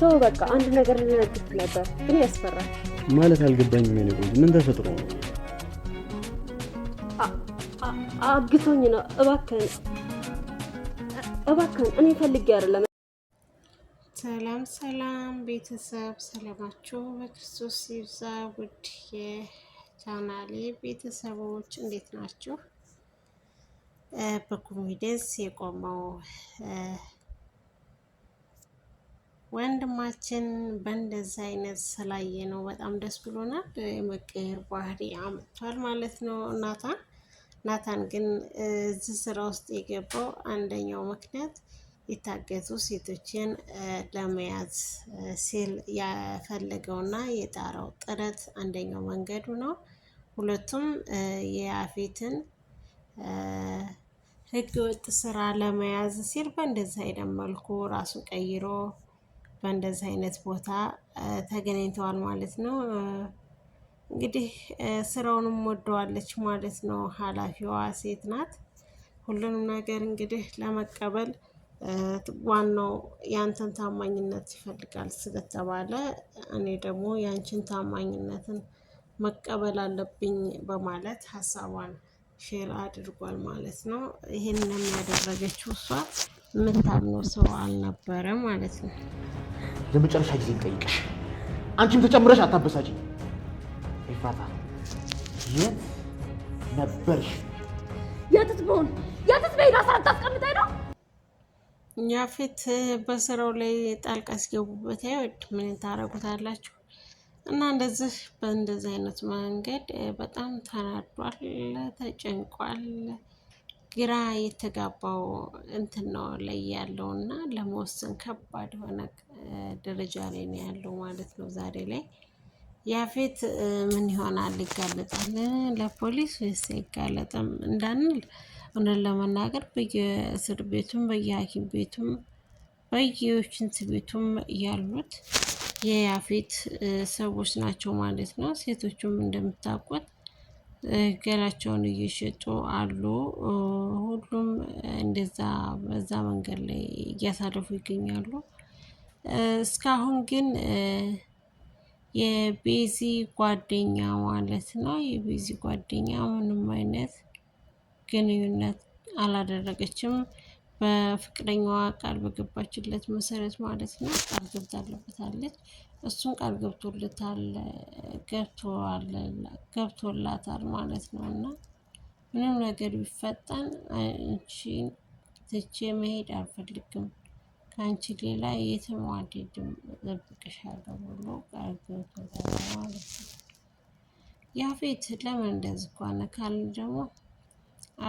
ተው በቃ አንድ ነገር ልነግርህ ነበር ግን ያስፈራል። ማለት አልገባኝም። ምን ተፈጥሮ ነው? አግቶኝ ነው። እባክህን እባክህን፣ እኔ ፈልጌ አይደለም። ሰላም ሰላም ቤተሰብ፣ ሰላማችሁ በክርስቶስ ይብዛ። ውድ የቻናሌ ቤተሰቦች እንዴት ናችሁ? በኮሚደንስ የቆመው ወንድማችን በእንደዚህ አይነት ስላየ ነው በጣም ደስ ብሎናል። የመቀየር ባህሪ አምጥቷል ማለት ነው እናታን ናታን ግን እዚህ ስራ ውስጥ የገባው አንደኛው ምክንያት የታገቱ ሴቶችን ለመያዝ ሲል ያፈለገውና የጣረው ጥረት አንደኛው መንገዱ ነው። ሁለቱም የአፌትን ህገወጥ ስራ ለመያዝ ሲል በእንደዚህ አይነት መልኩ ራሱ ቀይሮ በእንደዚህ አይነት ቦታ ተገናኝተዋል ማለት ነው። እንግዲህ ስራውንም ወደዋለች ማለት ነው። ኃላፊዋ ሴት ናት። ሁሉንም ነገር እንግዲህ ለመቀበል ዋናው ያንተን ታማኝነት ይፈልጋል ስለተባለ እኔ ደግሞ ያንቺን ታማኝነትን መቀበል አለብኝ በማለት ሀሳቧን ሼር አድርጓል ማለት ነው። ይህንንም ያደረገችው እሷ የምታምነው ሰው አልነበረ ማለት ነው። ለመጨረሻ ጊዜ ጠይቀሽ አንቺም ተጨምረሽ አታበሳጭኝ። ይፈታል። የት ነበርሽ? የትት ብሆን የትት በሄዳ ሰዓት አስቀምጠኝ ነው ያፌት በስራው ላይ ጣልቃ ሲገቡበት አይወድ። ምን ታረጉታላችሁ? እና እንደዚህ በእንደዚህ አይነት መንገድ በጣም ተናዷል፣ ተጨንቋል። ግራ የተጋባው እንትን ነው ላይ ያለው እና ለመወሰን ከባድ የሆነ ደረጃ ላይ ነው ያለው ማለት ነው ዛሬ ላይ ያፌት ምን ይሆናል? ይጋለጣል ለፖሊስ ወይስ አይጋለጥም እንዳንል እውነት ለመናገር በየእስር ቤቱም በየሐኪም ቤቱም በየሽንት ቤቱም ያሉት የያፌት ሰዎች ናቸው ማለት ነው። ሴቶቹም እንደምታውቁት ገላቸውን እየሸጡ አሉ። ሁሉም እንደዛ በዛ መንገድ ላይ እያሳለፉ ይገኛሉ። እስካሁን ግን የቤዚ ጓደኛ ማለት ነው። የቤዚ ጓደኛ ምንም አይነት ግንኙነት አላደረገችም። በፍቅረኛዋ ቃል በገባችለት መሰረት ማለት ነው ቃል ገብታለበታለች። እሱን ቃል ገብቶልታል ገብቶላታል ማለት ነው። እና ምንም ነገር ቢፈጠን አንቺን ትቼ መሄድ አልፈልግም ከአንቺ ሌላ የትም ዋዴድም እጠብቅሻለሁ ብሎ ቃል ገብቶታል ማለት ነው። ያፌት ለምን እንደዚህ ከሆነ ካልን ደግሞ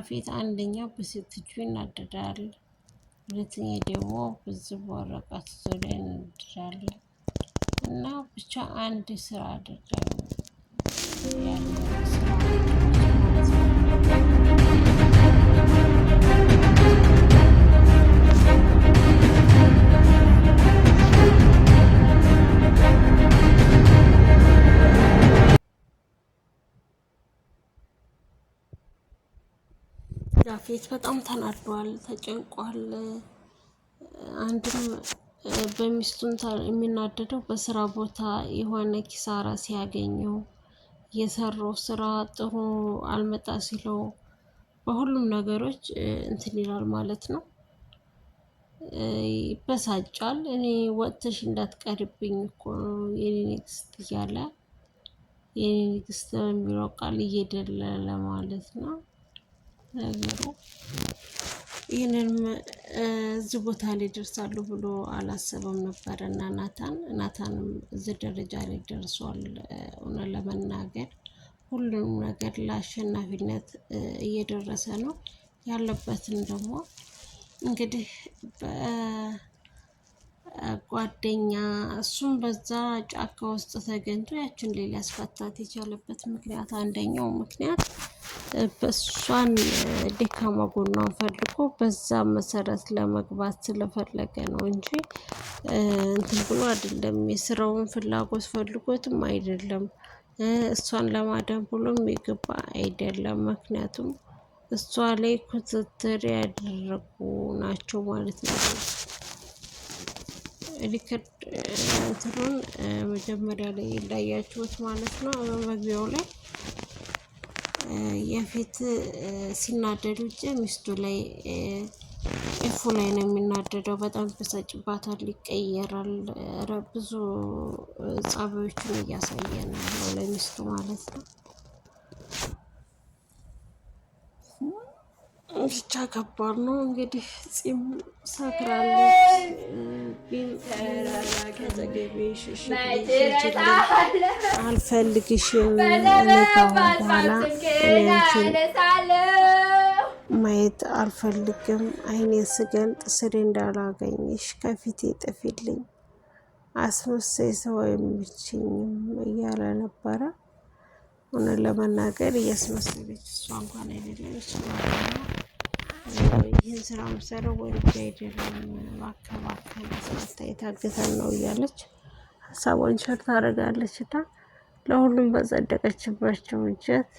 አፌት አንደኛው በሴት እጁ ይናደዳል፣ ሁለተኛ ደግሞ በዚህ በወረቀት ዙሪያ ይናደዳል እና ብቻ አንድ ስራ አደርጋለሁ ያለ ጃፌት በጣም ተናዷል፣ ተጨንቋል። አንድም በሚስቱም የሚናደደው በስራ ቦታ የሆነ ኪሳራ ሲያገኘው የሰራው ስራ ጥሩ አልመጣ ሲለው በሁሉም ነገሮች እንትን ይላል ማለት ነው፣ ይበሳጫል። እኔ ወጥተሽ እንዳትቀርብኝ እኮ የኔ ንግስት እያለ የኔ ንግስት በሚለው ቃል እየደለለ ማለት ነው። ነገሩ ይህንን እዚህ ቦታ ላይ ደርሳሉ ብሎ አላሰበም ነበር እና ናታን ናታንም እዚህ ደረጃ ላይ ደርሷል። እውነት ለመናገር ሁሉንም ነገር ለአሸናፊነት እየደረሰ ነው። ያለበትን ደግሞ እንግዲህ ጓደኛ እሱም በዛ ጫካ ውስጥ ተገኝቶ ያችን ሌላ ያስፈታት የቻለበት ምክንያት አንደኛው ምክንያት እሷን ደካማ ጎኗን ፈልጎ በዛ መሰረት ለመግባት ስለፈለገ ነው እንጂ እንትን ብሎ አይደለም። የስራውን ፍላጎት ፈልጎትም አይደለም። እሷን ለማዳን ብሎ የሚገባ አይደለም። ምክንያቱም እሷ ላይ ክትትል ያደረጉ ናቸው ማለት ነው። ሪከርድ እንትኑን መጀመሪያ ላይ እንዳያችሁት ማለት ነው መግቢያው ላይ የፊት ሲናደድ ውጭ ሚስቱ ላይ ኤፉ ላይ ነው የሚናደደው። በጣም ተሰጭባታል፣ ይቀየራል። ብዙ ጸባዮችን እያሳየ ነው ያለው ለሚስቱ ማለት ነው። ብቻ ከባድ ነው እንግዲህ ጺም ሰክራለች። ከአጠገቤ አልፈልግሽም። እኔ ካሁን በኋላ ማየት አልፈልግም። አይኔን ስገልጥ ስሬ እንዳላገኝሽ ከፊቴ ጥፊልኝ፣ አስመሳይ ሰው አይመችኝም እያለ ነበረ። እውነት ለመናገር እያስመሰለች እሷ እንኳን አይደለም ይህን ስራ መሰረው ወልጅ አይደለም ማከባከል ስታ የታገተን ነው እያለች ሀሳቧን ሸር ታደርጋለች እና ለሁሉም በጸደቀችባቸው እንጨት